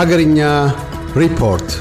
Hagarinya Report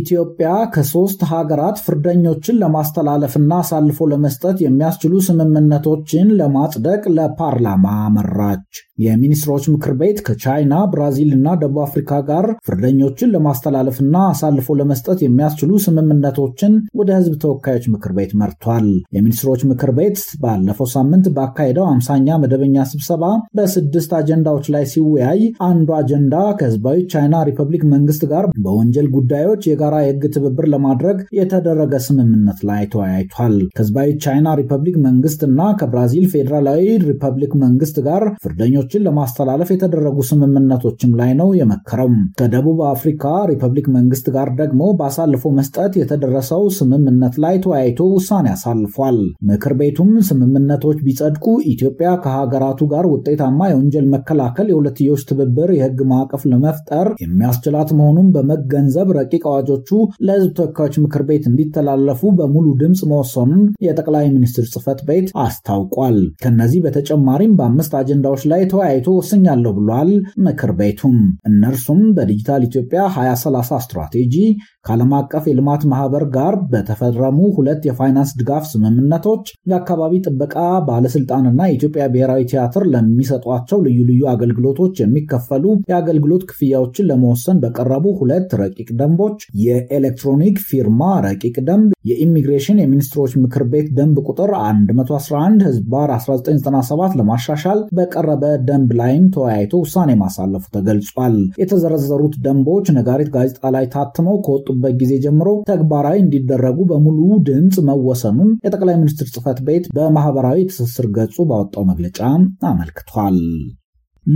ኢትዮጵያ ከሶስት ሀገራት ፍርደኞችን ለማስተላለፍና አሳልፎ ለመስጠት የሚያስችሉ ስምምነቶችን ለማጽደቅ ለፓርላማ መራች። የሚኒስትሮች ምክር ቤት ከቻይና፣ ብራዚል እና ደቡብ አፍሪካ ጋር ፍርደኞችን ለማስተላለፍና አሳልፎ ለመስጠት የሚያስችሉ ስምምነቶችን ወደ ሕዝብ ተወካዮች ምክር ቤት መርቷል። የሚኒስትሮች ምክር ቤት ባለፈው ሳምንት ባካሄደው አምሳኛ መደበኛ ስብሰባ በስድስት አጀንዳዎች ላይ ሲወያይ አንዱ አጀንዳ ከህዝባዊ ቻይና ሪፐብሊክ መንግስት ጋር በወንጀል ጉዳዮች የጋራ የህግ ትብብር ለማድረግ የተደረገ ስምምነት ላይ ተወያይቷል። ከህዝባዊ ቻይና ሪፐብሊክ መንግስት እና ከብራዚል ፌዴራላዊ ሪፐብሊክ መንግስት ጋር ፍርደኞችን ለማስተላለፍ የተደረጉ ስምምነቶችም ላይ ነው የመከረም። ከደቡብ አፍሪካ ሪፐብሊክ መንግስት ጋር ደግሞ በአሳልፎ መስጠት የተደረሰው ስምምነት ላይ ተወያይቶ ውሳኔ አሳልፏል። ምክር ቤቱም ስምምነቶች ቢጸድቁ ኢትዮጵያ ከሀገራቱ ጋር ውጤታማ የወንጀል መከላከል የሁለትዮሽ ትብብር የህግ ማዕቀፍ ለመፍጠር የሚያስችላት መሆኑን በመገንዘብ ረቂቅ አዋጅ አዋጆቹ ለህዝብ ተወካዮች ምክር ቤት እንዲተላለፉ በሙሉ ድምፅ መወሰኑን የጠቅላይ ሚኒስትር ጽህፈት ቤት አስታውቋል። ከነዚህ በተጨማሪም በአምስት አጀንዳዎች ላይ ተወያይቶ ወስኛለሁ ብሏል። ምክር ቤቱም እነርሱም በዲጂታል ኢትዮጵያ 2030 ስትራቴጂ ከዓለም አቀፍ የልማት ማህበር ጋር በተፈረሙ ሁለት የፋይናንስ ድጋፍ ስምምነቶች፣ የአካባቢ ጥበቃ ባለስልጣንና የኢትዮጵያ ብሔራዊ ቲያትር ለሚሰጧቸው ልዩ ልዩ አገልግሎቶች የሚከፈሉ የአገልግሎት ክፍያዎችን ለመወሰን በቀረቡ ሁለት ረቂቅ ደንቦች፣ የኤሌክትሮኒክ ፊርማ ረቂቅ ደንብ የኢሚግሬሽን የሚኒስትሮች ምክር ቤት ደንብ ቁጥር 111 ህዝባር 1997 ለማሻሻል በቀረበ ደንብ ላይም ተወያይቶ ውሳኔ ማሳለፉ ተገልጿል። የተዘረዘሩት ደንቦች ነጋሪት ጋዜጣ ላይ ታትመው ከወጡበት ጊዜ ጀምሮ ተግባራዊ እንዲደረጉ በሙሉ ድምፅ መወሰኑን የጠቅላይ ሚኒስትር ጽህፈት ቤት በማህበራዊ ትስስር ገጹ ባወጣው መግለጫ አመልክቷል።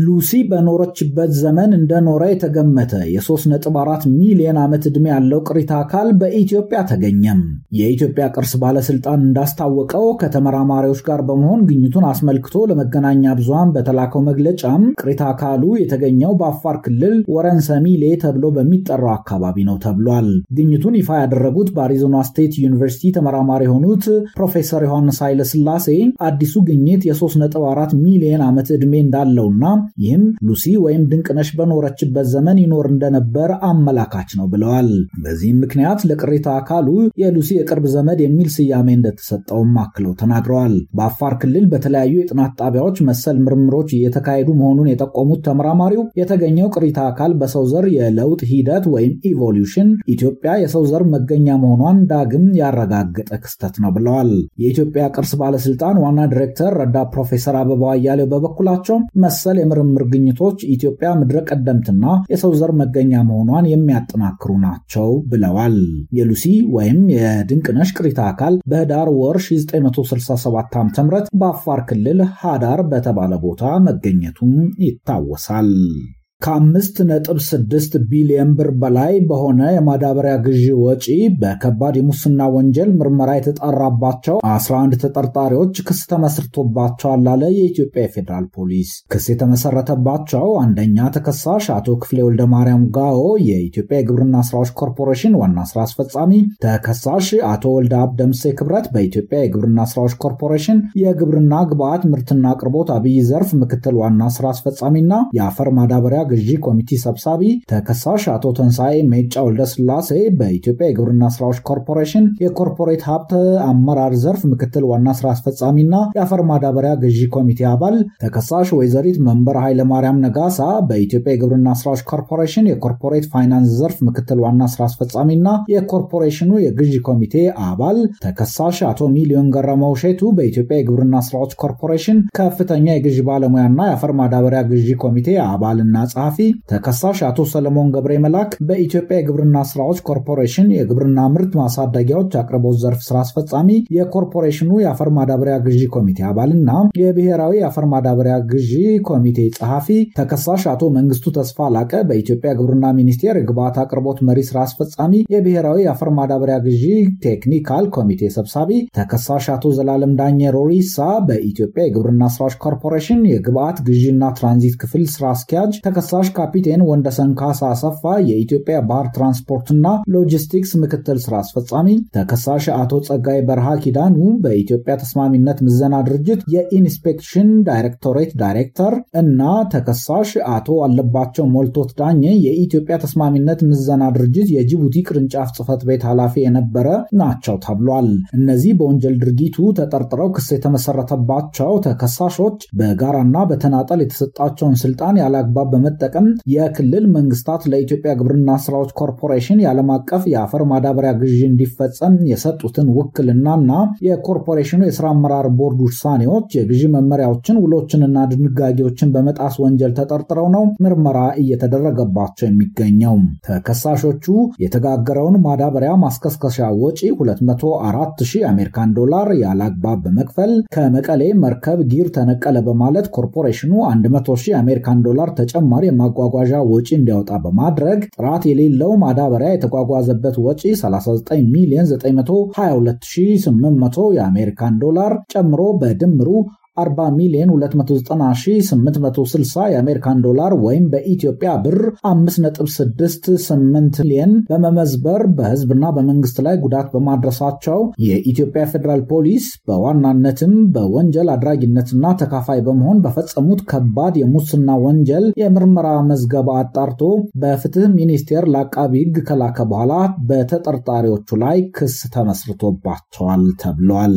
ሉሲ በኖረችበት ዘመን እንደኖረ የተገመተ የ3.4 ሚሊዮን ዓመት ዕድሜ ያለው ቅሪተ አካል በኢትዮጵያ ተገኘም። የኢትዮጵያ ቅርስ ባለስልጣን እንዳስታወቀው ከተመራማሪዎች ጋር በመሆን ግኝቱን አስመልክቶ ለመገናኛ ብዙሃን በተላከው መግለጫም ቅሪተ አካሉ የተገኘው በአፋር ክልል ወረንሰሚሌ ተብሎ በሚጠራው አካባቢ ነው ተብሏል። ግኝቱን ይፋ ያደረጉት በአሪዞና ስቴት ዩኒቨርሲቲ ተመራማሪ የሆኑት ፕሮፌሰር ዮሐንስ ኃይለስላሴ አዲሱ ግኝት የ3.4 ሚሊዮን ዓመት ዕድሜ እንዳለውና ይህም ሉሲ ወይም ድንቅነሽ በኖረችበት ዘመን ይኖር እንደነበር አመላካች ነው ብለዋል። በዚህም ምክንያት ለቅሪታ አካሉ የሉሲ የቅርብ ዘመድ የሚል ስያሜ እንደተሰጠውም አክለው ተናግረዋል። በአፋር ክልል በተለያዩ የጥናት ጣቢያዎች መሰል ምርምሮች እየተካሄዱ መሆኑን የጠቆሙት ተመራማሪው የተገኘው ቅሪታ አካል በሰው ዘር የለውጥ ሂደት ወይም ኢቮሉሽን ኢትዮጵያ የሰው ዘር መገኛ መሆኗን ዳግም ያረጋገጠ ክስተት ነው ብለዋል። የኢትዮጵያ ቅርስ ባለስልጣን ዋና ዲሬክተር ረዳ ፕሮፌሰር አበባው አያሌው በበኩላቸው መሰል የምርምር ግኝቶች ኢትዮጵያ ምድረ ቀደምትና የሰው ዘር መገኛ መሆኗን የሚያጠናክሩ ናቸው ብለዋል። የሉሲ ወይም የድንቅነሽ ቅሪታ አካል በህዳር ወር 1967 ዓ ም በአፋር ክልል ሃዳር በተባለ ቦታ መገኘቱም ይታወሳል። ከአምስት ነጥብ ስድስት ቢሊየን ብር በላይ በሆነ የማዳበሪያ ግዢ ወጪ በከባድ የሙስና ወንጀል ምርመራ የተጣራባቸው 11 ተጠርጣሪዎች ክስ ተመስርቶባቸዋል ላለ የኢትዮጵያ የፌዴራል ፖሊስ። ክስ የተመሰረተባቸው አንደኛ ተከሳሽ አቶ ክፍሌ ወልደ ማርያም ጋዎ የኢትዮጵያ የግብርና ስራዎች ኮርፖሬሽን ዋና ስራ አስፈጻሚ፣ ተከሳሽ አቶ ወልደ አብደምሴ ክብረት በኢትዮጵያ የግብርና ስራዎች ኮርፖሬሽን የግብርና ግብዓት ምርትና አቅርቦት አብይ ዘርፍ ምክትል ዋና ስራ አስፈጻሚና የአፈር ማዳበሪያ ግዢ ኮሚቴ ሰብሳቢ ተከሳሽ አቶ ተንሳኤ ሜጫ ወልደስላሴ በኢትዮጵያ የግብርና ስራዎች ኮርፖሬሽን የኮርፖሬት ሀብት አመራር ዘርፍ ምክትል ዋና ስራ አስፈጻሚና የአፈር ማዳበሪያ ግዢ ኮሚቴ አባል ተከሳሽ ወይዘሪት መንበር ኃይለማርያም ነጋሳ በኢትዮጵያ የግብርና ስራዎች ኮርፖሬሽን የኮርፖሬት ፋይናንስ ዘርፍ ምክትል ዋና ስራ አስፈጻሚና የኮርፖሬሽኑ የግዢ ኮሚቴ አባል ተከሳሽ አቶ ሚሊዮን ገረመው ሼቱ በኢትዮጵያ የግብርና ስራዎች ኮርፖሬሽን ከፍተኛ የግዢ ባለሙያና የአፈር ማዳበሪያ ግዢ ኮሚቴ አባልና ጸሐፊ ተከሳሽ አቶ ሰለሞን ገብረ መላክ በኢትዮጵያ የግብርና ስራዎች ኮርፖሬሽን የግብርና ምርት ማሳደጊያዎች አቅርቦት ዘርፍ ስራ አስፈጻሚ፣ የኮርፖሬሽኑ የአፈር ማዳበሪያ ግዢ ኮሚቴ አባልና የብሔራዊ የአፈር ማዳበሪያ ግዢ ኮሚቴ ጸሐፊ ተከሳሽ አቶ መንግስቱ ተስፋ ላቀ በኢትዮጵያ ግብርና ሚኒስቴር የግብዓት አቅርቦት መሪ ስራ አስፈጻሚ፣ የብሔራዊ የአፈር ማዳበሪያ ግዢ ቴክኒካል ኮሚቴ ሰብሳቢ ተከሳሽ አቶ ዘላለም ዳኘ ሮሪሳ በኢትዮጵያ የግብርና ስራዎች ኮርፖሬሽን የግብዓት ግዢና ትራንዚት ክፍል ስራ አስኪያጅ ተከሳ አዛዥ ካፒቴን ወንደሰን ካሳ አሰፋ የኢትዮጵያ ባህር ትራንስፖርትና ሎጂስቲክስ ምክትል ስራ አስፈጻሚ፣ ተከሳሽ አቶ ጸጋይ በረሃ ኪዳኑ በኢትዮጵያ ተስማሚነት ምዘና ድርጅት የኢንስፔክሽን ዳይሬክቶሬት ዳይሬክተር እና ተከሳሽ አቶ አለባቸው ሞልቶት ዳኘ የኢትዮጵያ ተስማሚነት ምዘና ድርጅት የጅቡቲ ቅርንጫፍ ጽህፈት ቤት ኃላፊ የነበረ ናቸው ተብሏል። እነዚህ በወንጀል ድርጊቱ ተጠርጥረው ክስ የተመሰረተባቸው ተከሳሾች በጋራና በተናጠል የተሰጣቸውን ስልጣን ያለ አግባብ በመ በመጠቀም የክልል መንግስታት ለኢትዮጵያ ግብርና ስራዎች ኮርፖሬሽን የዓለም አቀፍ የአፈር ማዳበሪያ ግዢ እንዲፈጸም የሰጡትን ውክልናና የኮርፖሬሽኑ የስራ አመራር ቦርድ ውሳኔዎች የግዢ መመሪያዎችን፣ ውሎችንና ድንጋጌዎችን በመጣስ ወንጀል ተጠርጥረው ነው ምርመራ እየተደረገባቸው የሚገኘው። ተከሳሾቹ የተጋገረውን ማዳበሪያ ማስከስከሻ ወጪ 204 ሺህ አሜሪካን ዶላር ያለ አግባብ በመክፈል ከመቀሌ መርከብ ጊር ተነቀለ በማለት ኮርፖሬሽኑ 100 አሜሪካን ዶላር ተጨማሪ የማጓጓዣ ወጪ እንዲያወጣ በማድረግ ጥራት የሌለው ማዳበሪያ የተጓጓዘበት ወጪ 39 ሚሊዮን 922,800 የአሜሪካን ዶላር ጨምሮ በድምሩ 40 ሚሊዮን 296860 የአሜሪካን ዶላር ወይም በኢትዮጵያ ብር 5.68 ሚሊዮን በመመዝበር በህዝብና በመንግስት ላይ ጉዳት በማድረሳቸው የኢትዮጵያ ፌዴራል ፖሊስ በዋናነትም በወንጀል አድራጊነትና ተካፋይ በመሆን በፈጸሙት ከባድ የሙስና ወንጀል የምርመራ መዝገባ አጣርቶ በፍትህ ሚኒስቴር ለአቃቢ ህግ ከላከ በኋላ በተጠርጣሪዎቹ ላይ ክስ ተመስርቶባቸዋል ተብሏል።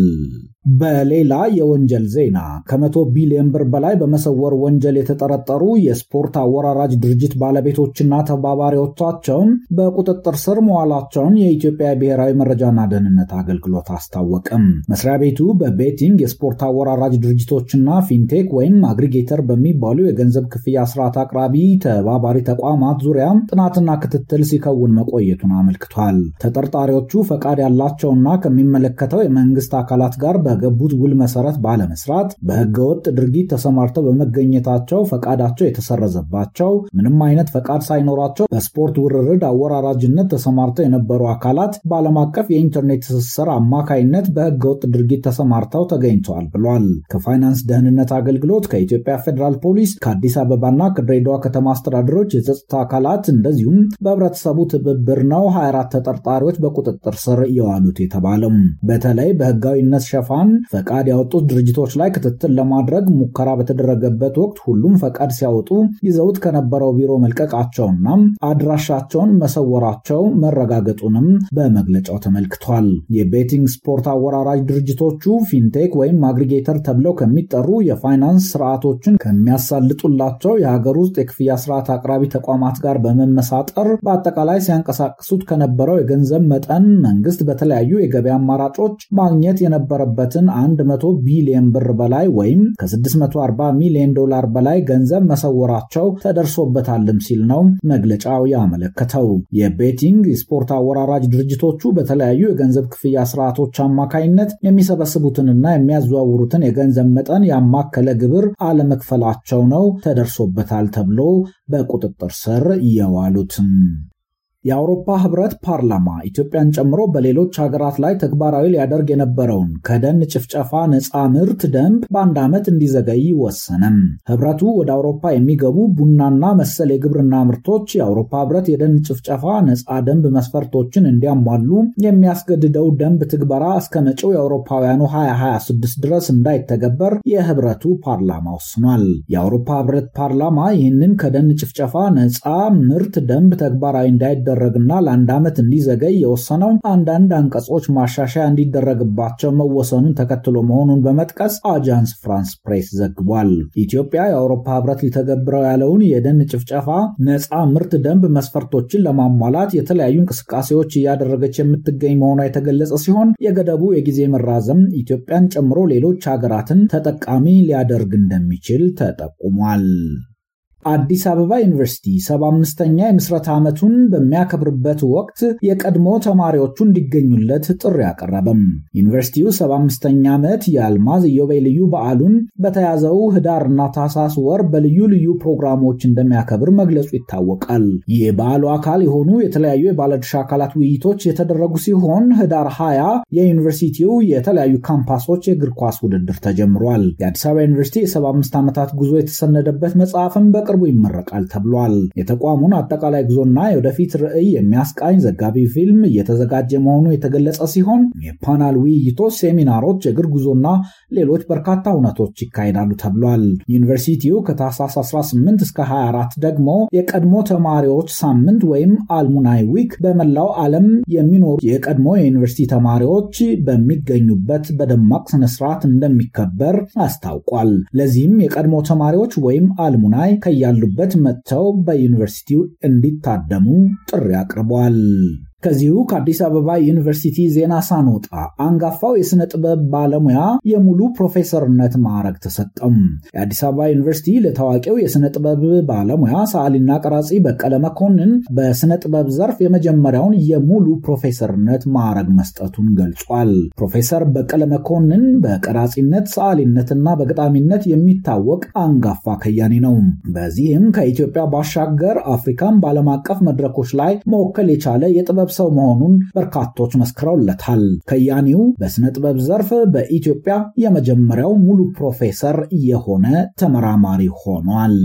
በሌላ የወንጀል ዜና ከመቶ ቢሊዮን ብር በላይ በመሰወር ወንጀል የተጠረጠሩ የስፖርት አወራራጅ ድርጅት ባለቤቶችና ተባባሪዎቻቸውን በቁጥጥር ስር መዋላቸውን የኢትዮጵያ ብሔራዊ መረጃና ደህንነት አገልግሎት አስታወቅም። መስሪያ ቤቱ በቤቲንግ የስፖርት አወራራጅ ድርጅቶችና ፊንቴክ ወይም አግሪጌተር በሚባሉ የገንዘብ ክፍያ ስርዓት አቅራቢ ተባባሪ ተቋማት ዙሪያ ጥናትና ክትትል ሲከውን መቆየቱን አመልክቷል። ተጠርጣሪዎቹ ፈቃድ ያላቸውና ከሚመለከተው የመንግስት አካላት ጋር በገቡት ውል መሰረት ባለመስራት በህገወጥ ድርጊት ተሰማርተው በመገኘታቸው ፈቃዳቸው የተሰረዘባቸው ምንም አይነት ፈቃድ ሳይኖራቸው በስፖርት ውርርድ አወራራጅነት ተሰማርተው የነበሩ አካላት በዓለም አቀፍ የኢንተርኔት ትስስር አማካይነት በህገወጥ ድርጊት ተሰማርተው ተገኝተዋል ብሏል። ከፋይናንስ ደህንነት አገልግሎት፣ ከኢትዮጵያ ፌዴራል ፖሊስ፣ ከአዲስ አበባና ከድሬዳዋ ከተማ አስተዳደሮች የጸጥታ አካላት እንደዚሁም በህብረተሰቡ ትብብር ነው 24 ተጠርጣሪዎች በቁጥጥር ስር የዋሉት የተባለው በተለይ በህጋዊነት ሸፋን ፈቃድ ያወጡት ድርጅቶች ላይ ክትትል ለማድረግ ሙከራ በተደረገበት ወቅት ሁሉም ፈቃድ ሲያወጡ ይዘውት ከነበረው ቢሮ መልቀቃቸውና አድራሻቸውን መሰወራቸው መረጋገጡንም በመግለጫው ተመልክቷል። የቤቲንግ ስፖርት አወራራጅ ድርጅቶቹ ፊንቴክ ወይም አግሪጌተር ተብለው ከሚጠሩ የፋይናንስ ስርዓቶችን ከሚያሳልጡላቸው የሀገር ውስጥ የክፍያ ስርዓት አቅራቢ ተቋማት ጋር በመመሳጠር በአጠቃላይ ሲያንቀሳቅሱት ከነበረው የገንዘብ መጠን መንግስት በተለያዩ የገበያ አማራጮች ማግኘት የነበረበትን 100 ቢሊየን ብር በላይ በላይ ወይም ከ640 ሚሊዮን ዶላር በላይ ገንዘብ መሰወራቸው ተደርሶበታልም ሲል ነው መግለጫው ያመለከተው። የቤቲንግ የስፖርት አወራራጅ ድርጅቶቹ በተለያዩ የገንዘብ ክፍያ ስርዓቶች አማካይነት የሚሰበስቡትንና የሚያዘዋውሩትን የገንዘብ መጠን ያማከለ ግብር አለመክፈላቸው ነው ተደርሶበታል ተብሎ በቁጥጥር ስር የዋሉትም። የአውሮፓ ህብረት ፓርላማ ኢትዮጵያን ጨምሮ በሌሎች ሀገራት ላይ ተግባራዊ ሊያደርግ የነበረውን ከደን ጭፍጨፋ ነፃ ምርት ደንብ በአንድ ዓመት እንዲዘገይ ወሰነም። ህብረቱ ወደ አውሮፓ የሚገቡ ቡናና መሰል የግብርና ምርቶች የአውሮፓ ህብረት የደን ጭፍጨፋ ነፃ ደንብ መስፈርቶችን እንዲያሟሉ የሚያስገድደው ደንብ ትግበራ እስከ መጪው የአውሮፓውያኑ 2026 ድረስ እንዳይተገበር የህብረቱ ፓርላማ ወስኗል። የአውሮፓ ህብረት ፓርላማ ይህንን ከደን ጭፍጨፋ ነፃ ምርት ደንብ ተግባራዊ እንዳይደ እንዲደረግና ለአንድ ዓመት እንዲዘገይ የወሰነው። አንዳንድ አንቀጾች ማሻሻያ እንዲደረግባቸው መወሰኑን ተከትሎ መሆኑን በመጥቀስ አጃንስ ፍራንስ ፕሬስ ዘግቧል። ኢትዮጵያ የአውሮፓ ህብረት ሊተገብረው ያለውን የደን ጭፍጨፋ ነፃ ምርት ደንብ መስፈርቶችን ለማሟላት የተለያዩ እንቅስቃሴዎች እያደረገች የምትገኝ መሆኗ የተገለጸ ሲሆን የገደቡ የጊዜ መራዘም ኢትዮጵያን ጨምሮ ሌሎች ሀገራትን ተጠቃሚ ሊያደርግ እንደሚችል ተጠቁሟል። አዲስ አበባ ዩኒቨርሲቲ 75ኛ የምስረት ዓመቱን በሚያከብርበት ወቅት የቀድሞ ተማሪዎቹ እንዲገኙለት ጥሪ አቀረበም። ዩኒቨርሲቲው 75ኛ ዓመት የአልማዝ ኢዮቤልዩ በዓሉን በተያዘው ህዳርና ታሳስ ወር በልዩ ልዩ ፕሮግራሞች እንደሚያከብር መግለጹ ይታወቃል። የበዓሉ አካል የሆኑ የተለያዩ የባለድርሻ አካላት ውይይቶች የተደረጉ ሲሆን ህዳር 20 የዩኒቨርሲቲው የተለያዩ ካምፓሶች የእግር ኳስ ውድድር ተጀምሯል። የአዲስ አበባ ዩኒቨርሲቲ የ75 ዓመታት ጉዞ የተሰነደበት መጽሐፍም በቅር በቅርቡ ይመረቃል ተብሏል። የተቋሙን አጠቃላይ ጉዞና የወደፊት ርዕይ የሚያስቃኝ ዘጋቢ ፊልም እየተዘጋጀ መሆኑ የተገለጸ ሲሆን የፓናል ውይይቶች፣ ሴሚናሮች፣ የእግር ጉዞና ሌሎች በርካታ እውነቶች ይካሄዳሉ ተብሏል። ዩኒቨርሲቲው ከታህሳስ 18 እስከ 24 ደግሞ የቀድሞ ተማሪዎች ሳምንት ወይም አልሙናይ ዊክ በመላው ዓለም የሚኖሩ የቀድሞ የዩኒቨርሲቲ ተማሪዎች በሚገኙበት በደማቅ ስነስርዓት እንደሚከበር አስታውቋል። ለዚህም የቀድሞ ተማሪዎች ወይም አልሙናይ ከየ ያሉበት መጥተው በዩኒቨርሲቲው እንዲታደሙ ጥሪ አቅርበዋል። ከዚሁ ከአዲስ አበባ ዩኒቨርሲቲ ዜና ሳንወጣ አንጋፋው የሥነ ጥበብ ባለሙያ የሙሉ ፕሮፌሰርነት ማዕረግ ተሰጠም። የአዲስ አበባ ዩኒቨርሲቲ ለታዋቂው የሥነ ጥበብ ባለሙያ ሰዓሊና ቀራጺ በቀለ መኮንን በሥነ ጥበብ ዘርፍ የመጀመሪያውን የሙሉ ፕሮፌሰርነት ማዕረግ መስጠቱን ገልጿል። ፕሮፌሰር በቀለ መኮንን በቀራጺነት ሰዓሊነትና በገጣሚነት የሚታወቅ አንጋፋ ከያኔ ነው። በዚህም ከኢትዮጵያ ባሻገር አፍሪካን በዓለም አቀፍ መድረኮች ላይ መወከል የቻለ የጥበብ ሰው መሆኑን በርካቶች መስክረውለታል። ከያኒው በስነ ጥበብ ዘርፍ በኢትዮጵያ የመጀመሪያው ሙሉ ፕሮፌሰር የሆነ ተመራማሪ ሆኗል።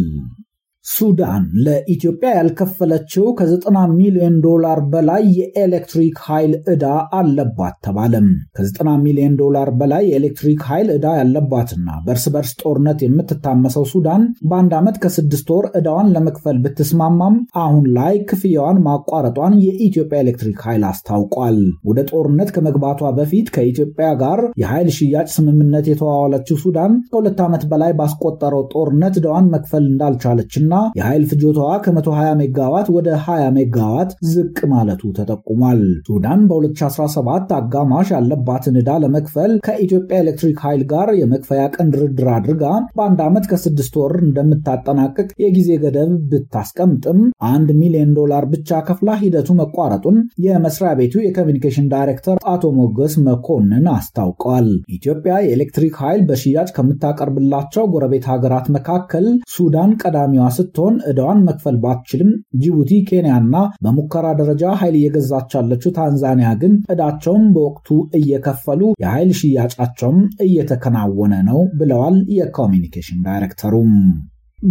ሱዳን ለኢትዮጵያ ያልከፈለችው ከ90 ሚሊዮን ዶላር በላይ የኤሌክትሪክ ኃይል ዕዳ አለባት ተባለም። ከ90 ሚሊዮን ዶላር በላይ የኤሌክትሪክ ኃይል ዕዳ ያለባትና በእርስ በርስ ጦርነት የምትታመሰው ሱዳን በአንድ ዓመት ከስድስት ወር ዕዳዋን ለመክፈል ብትስማማም አሁን ላይ ክፍያዋን ማቋረጧን የኢትዮጵያ ኤሌክትሪክ ኃይል አስታውቋል። ወደ ጦርነት ከመግባቷ በፊት ከኢትዮጵያ ጋር የኃይል ሽያጭ ስምምነት የተዋዋለችው ሱዳን ከሁለት ዓመት በላይ ባስቆጠረው ጦርነት ዕዳዋን መክፈል እንዳልቻለችና የኃይል ፍጆታዋ ከ120 ሜጋዋት ወደ 20 ሜጋዋት ዝቅ ማለቱ ተጠቁሟል። ሱዳን በ2017 አጋማሽ ያለባትን ዕዳ ለመክፈል ከኢትዮጵያ ኤሌክትሪክ ኃይል ጋር የመክፈያ ቀን ድርድር አድርጋ በአንድ ዓመት ከስድስት ወር እንደምታጠናቅቅ የጊዜ ገደብ ብታስቀምጥም አንድ ሚሊዮን ዶላር ብቻ ከፍላ ሂደቱ መቋረጡን የመስሪያ ቤቱ የኮሚኒኬሽን ዳይሬክተር አቶ ሞገስ መኮንን አስታውቀዋል። ኢትዮጵያ የኤሌክትሪክ ኃይል በሽያጭ ከምታቀርብላቸው ጎረቤት ሀገራት መካከል ሱዳን ቀዳሚዋ ስትሆን ዕዳዋን መክፈል ባትችልም ጅቡቲ፣ ኬንያና በሙከራ ደረጃ ኃይል እየገዛች ያለችው ታንዛኒያ ግን እዳቸውን በወቅቱ እየከፈሉ የኃይል ሽያጫቸውም እየተከናወነ ነው ብለዋል የኮሚኒኬሽን ዳይሬክተሩም።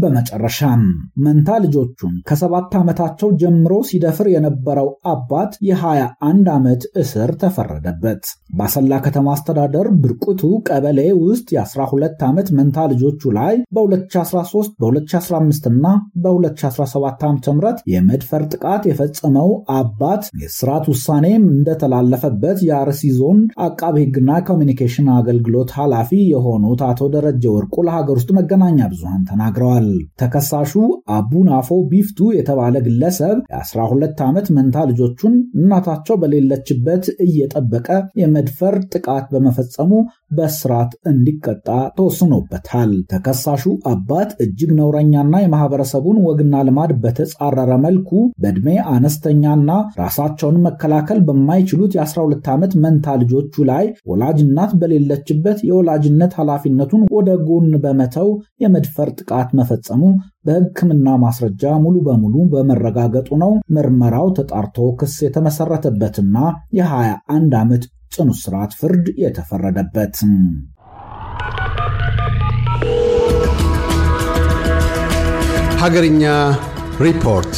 በመጨረሻም መንታ ልጆቹን ከሰባት ዓመታቸው ጀምሮ ሲደፍር የነበረው አባት የ21 ዓመት እስር ተፈረደበት። በአሰላ ከተማ አስተዳደር ብርቁቱ ቀበሌ ውስጥ የ12 ዓመት መንታ ልጆቹ ላይ በ2013 በ2015 እና በ2017 ዓ ም የመድፈር ጥቃት የፈጸመው አባት የስርዓት ውሳኔም እንደተላለፈበት የአርሲ ዞን አቃቤ ሕግና ኮሚኒኬሽን አገልግሎት ኃላፊ የሆኑት አቶ ደረጀ ወርቁ ለሀገር ውስጥ መገናኛ ብዙሃን ተናግረዋል። ተጠቅሷል። ተከሳሹ አቡናፎ ቢፍቱ የተባለ ግለሰብ የ12 ዓመት መንታ ልጆቹን እናታቸው በሌለችበት እየጠበቀ የመድፈር ጥቃት በመፈጸሙ በስርዓት እንዲቀጣ ተወስኖበታል። ተከሳሹ አባት እጅግ ነውረኛና የማህበረሰቡን ወግና ልማድ በተጻረረ መልኩ በእድሜ አነስተኛና ራሳቸውን መከላከል በማይችሉት የ12 ዓመት መንታ ልጆቹ ላይ ወላጅ እናት በሌለችበት የወላጅነት ኃላፊነቱን ወደ ጎን በመተው የመድፈር ጥቃት መፈጸሙ በሕክምና ማስረጃ ሙሉ በሙሉ በመረጋገጡ ነው ምርመራው ተጣርቶ ክስ የተመሰረተበትና የ21 ዓመት ጽኑ እስራት ፍርድ የተፈረደበት። ሀገርኛ ሪፖርት